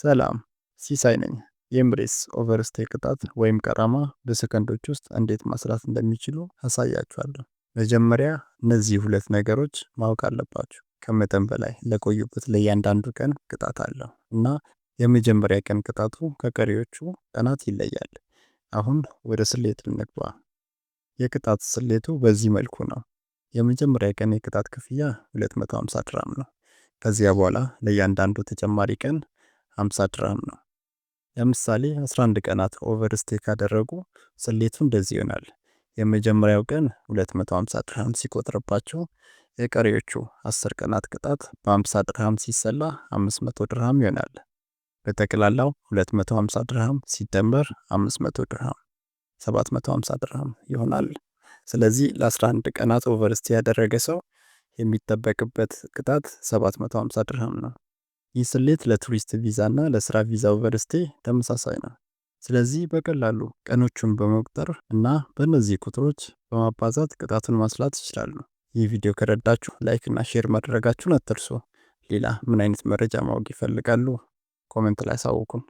ሰላም ሲሳይ ነኝ። የኤምሬትስ ኦቨርስቴይ ቅጣት ወይም ቀረማ በሰከንዶች ውስጥ እንዴት ማስላት እንደሚችሉ አሳያችኋለሁ። መጀመሪያ እነዚህ ሁለት ነገሮች ማወቅ አለባችሁ። ከመጠን በላይ ለቆዩበት ለእያንዳንዱ ቀን ቅጣት አለው እና የመጀመሪያ ቀን ቅጣቱ ከቀሪዎቹ ቀናት ይለያል። አሁን ወደ ስሌት ልንግባ። የቅጣት ስሌቱ በዚህ መልኩ ነው። የመጀመሪያ ቀን የቅጣት ክፍያ 250 ድራም ነው። ከዚያ በኋላ ለእያንዳንዱ ተጨማሪ ቀን 50 ድርሃም ነው። ለምሳሌ 11 ቀናት ኦቨርስቴ ካደረጉ ስሌቱ እንደዚህ ይሆናል። የመጀመሪያው ቀን 250 ድርሃም ሲቆጥርባቸው የቀሪዎቹ 10 ቀናት ቅጣት በ50 ድርሃም ሲሰላ 500 ድርሃም ይሆናል። በጠቅላላው 250 ድርሃም ሲደመር 500 ድርሃም 750 ድርሃም ይሆናል። ስለዚህ ለ11 ቀናት ኦቨርስቴ ያደረገ ሰው የሚጠበቅበት ቅጣት 750 ድርሃም ነው። ይህ ስሌት ለቱሪስት ቪዛ እና ለስራ ቪዛ ኦቨርስቴ ተመሳሳይ ነው። ስለዚህ በቀላሉ ቀኖቹን በመቁጠር እና በእነዚህ ቁጥሮች በማባዛት ቅጣቱን ማስላት ይችላሉ። ይህ ቪዲዮ ከረዳችሁ ላይክ እና ሼር ማድረጋችሁን አትርሱ። ሌላ ምን አይነት መረጃ ማወቅ ይፈልጋሉ? ኮሜንት ላይ አሳውቁን።